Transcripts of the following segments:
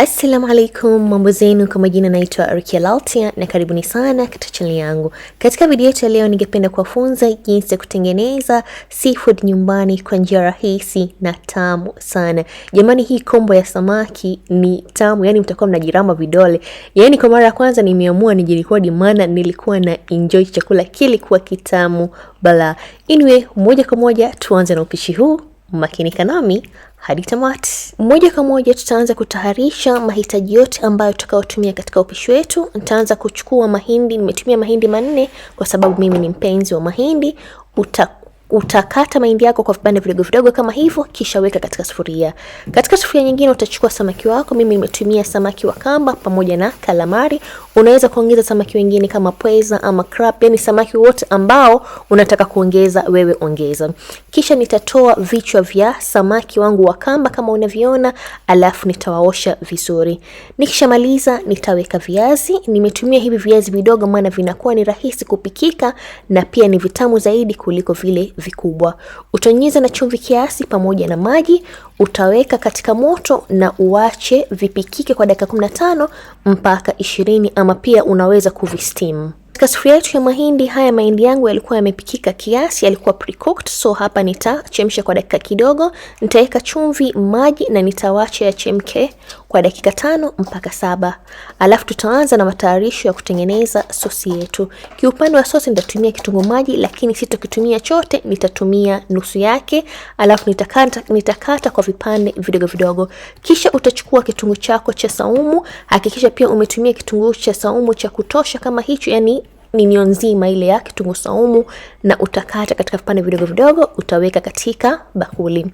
Assalamu alaikum, mambo zenu? Kwa majina naitwa Rukia Laltia na karibuni sana katika chaneli yangu. Katika video yetu ya leo, ningependa kuwafunza jinsi ya kutengeneza seafood nyumbani kwa njia rahisi na tamu sana. Jamani, hii kombo ya samaki ni tamu, yani mtakuwa mnajiramba vidole. Yani kwa mara ya kwanza nimeamua nijirikodi maana nilikuwa na enjoy chakula, kilikuwa kitamu bala. Anyway, moja kwa moja tuanze na upishi huu, makinika nami hadi tamati. Moja kwa moja tutaanza kutayarisha mahitaji yote ambayo tutakayotumia katika upishi wetu. Nitaanza kuchukua mahindi, nimetumia mahindi manne kwa sababu mimi ni mpenzi wa mahindi uta utakata mahindi yako kwa vipande vidogo vidogo kama hivyo, kisha weka katika sufuria. Katika sufuria nyingine utachukua samaki wako. Mimi nimetumia samaki wa kamba pamoja na kalamari. Unaweza kuongeza samaki wengine kama pweza ama crab, yani samaki wote ambao unataka kuongeza wewe ongeza. Kisha nitatoa vichwa vya samaki wangu wa kamba kama unavyoona, alafu nitawaosha vizuri. Nikishamaliza nitaweka viazi. Nimetumia hivi viazi vidogo, maana vinakuwa ni rahisi kupikika na pia ni vitamu zaidi kuliko vile vikubwa. Utanyunyiza na chumvi kiasi pamoja na maji, utaweka katika moto na uache vipikike kwa dakika 15 mpaka 20, ama pia unaweza kuvisteam. Katika sufuria yetu ya mahindi haya, mahindi yangu yalikuwa yamepikika kiasi, yalikuwa pre-cooked, so hapa nitachemsha kwa dakika kidogo. Nitaweka chumvi, maji na nitawacha yachemke kwa dakika tano mpaka saba alafu tutaanza na matayarisho ya kutengeneza sosi yetu. Kiupande wa sosi nitatumia kitunguu maji, lakini sitokitumia chote, nitatumia nusu yake, alafu nitakata, nitakata kwa vipande vidogo vidogo. Kisha utachukua kitunguu chako cha saumu, hakikisha pia umetumia kitunguu cha saumu cha kutosha kama hicho, yani ninio nzima ile ya kitunguu saumu, na utakata katika vipande vidogo vidogo, utaweka katika bakuli.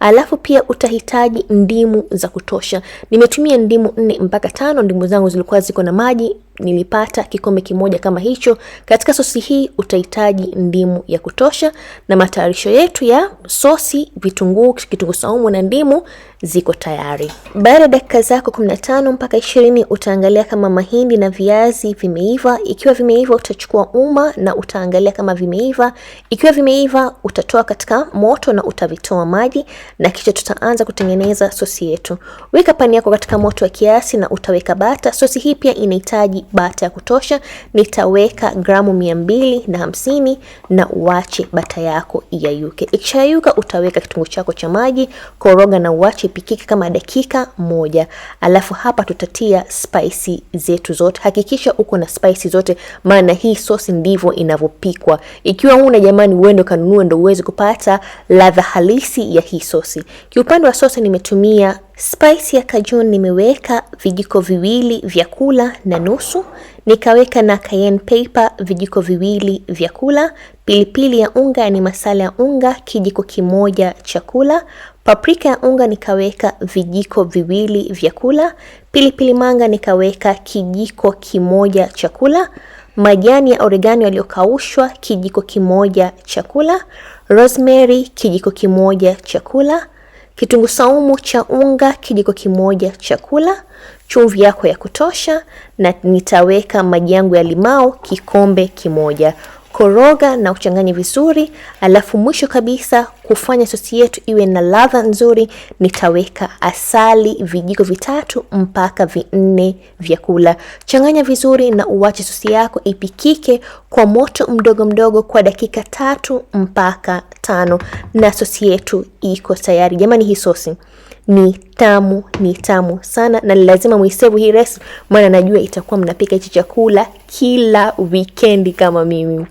Alafu pia utahitaji ndimu za kutosha. Nimetumia ndimu nne mpaka tano. Ndimu zangu zilikuwa ziko na maji nilipata kikombe kimoja kama hicho. Katika sosi hii utahitaji ndimu ya kutosha, na matayarisho yetu ya sosi, vitunguu, kitunguu saumu na ndimu ziko tayari. Baada ya dakika zako 15 mpaka 20 utaangalia kama mahindi na viazi vimeiva. Ikiwa vimeiva, utachukua uma na utaangalia kama vimeiva. Ikiwa vimeiva, utatoa katika moto na utavitoa maji, na kisha tutaanza kutengeneza sosi yetu. Weka pani yako katika moto wa kiasi na utaweka bata. Sosi hii pia inahitaji bata ya kutosha, nitaweka gramu mia mbili na hamsini na uache bata yako iyayuke. Ikishayuka utaweka kitunguu chako cha maji, koroga na uache ipikike kama dakika moja. Alafu hapa tutatia spice zetu zote. Hakikisha uko na spice zote, maana hii sosi ndivyo inavyopikwa. Ikiwa una jamani, uende kanunue ndo uweze kupata ladha halisi ya hii sosi. Kiupande wa sosi nimetumia Spice ya kajun nimeweka vijiko viwili vya kula na nusu, nikaweka na cayenne pepper vijiko viwili vya kula, pilipili ya unga ni masala ya unga kijiko kimoja cha kula, paprika ya unga nikaweka vijiko viwili vya kula, pilipili manga nikaweka kijiko kimoja cha kula, majani ya oregano yaliyokaushwa kijiko kimoja cha kula, rosemary kijiko kimoja cha kula kitunguu saumu cha unga kijiko kimoja chakula, chumvi yako ya kutosha, na nitaweka maji yangu ya limao kikombe kimoja koroga na kuchanganya vizuri, alafu mwisho kabisa kufanya sosi yetu iwe na ladha nzuri, nitaweka asali vijiko vitatu mpaka vinne vya kula. Changanya vizuri na uwache sosi yako ipikike kwa moto mdogo mdogo kwa dakika tatu mpaka tano, na sosi yetu iko tayari. Jamani, hii sosi ni tamu, ni tamu sana, na lazima muisevu hii recipe, maana najua itakuwa mnapika hichi chakula kila wikendi kama mimi.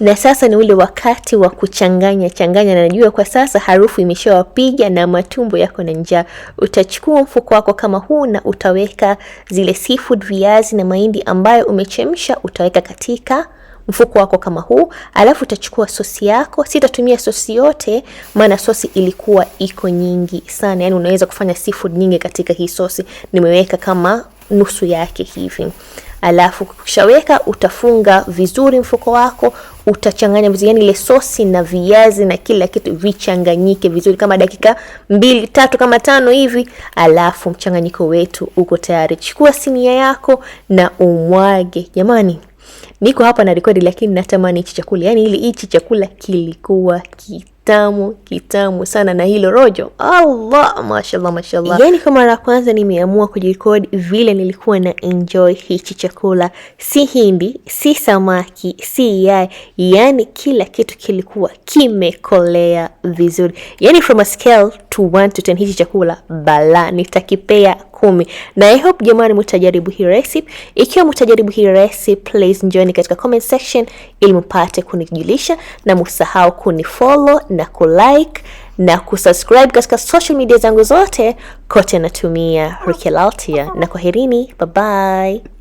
Na sasa ni ule wakati wa kuchanganya changanya, na najua kwa sasa harufu imeshawapiga na matumbo yako na njaa. Utachukua mfuko wako kama huu na utaweka zile seafood, viazi na mahindi ambayo umechemsha, utaweka katika mfuko wako kama huu, alafu utachukua sosi yako. Sitatumia sosi yote, maana sosi ilikuwa iko nyingi sana, yani unaweza kufanya seafood nyingi katika hii sosi. Nimeweka kama nusu yake hivi. Alafu ukishaweka utafunga vizuri mfuko wako, utachanganya vizuri, yani ile sosi na viazi na kila kitu vichanganyike vizuri, kama dakika mbili tatu kama tano hivi. Alafu mchanganyiko wetu uko tayari. Chukua sinia yako na umwage, jamani niko hapa na rekodi, lakini natamani hichi chakula, yaani ili hichi chakula kilikuwa ki kitamu kitamu sana na hilo rojo. Allah, mashallah mashallah. Yani kwa mara ya kwanza nimeamua kujirekodi vile nilikuwa na enjoy hichi chakula, si hindi, si samaki, si yai, yani kila kitu kilikuwa kimekolea vizuri, yani from a scale to 1 to 10 hichi chakula bala nitakipea kumi, na I hope jamani mtajaribu hii recipe. Ikiwa mtajaribu hii recipe, please njooni katika comment section ili mpate kunijulisha na msahau kunifollow na kulike na kusubscribe katika social media zangu zote, kote natumia rikelaltia na kwaherini, bye bye.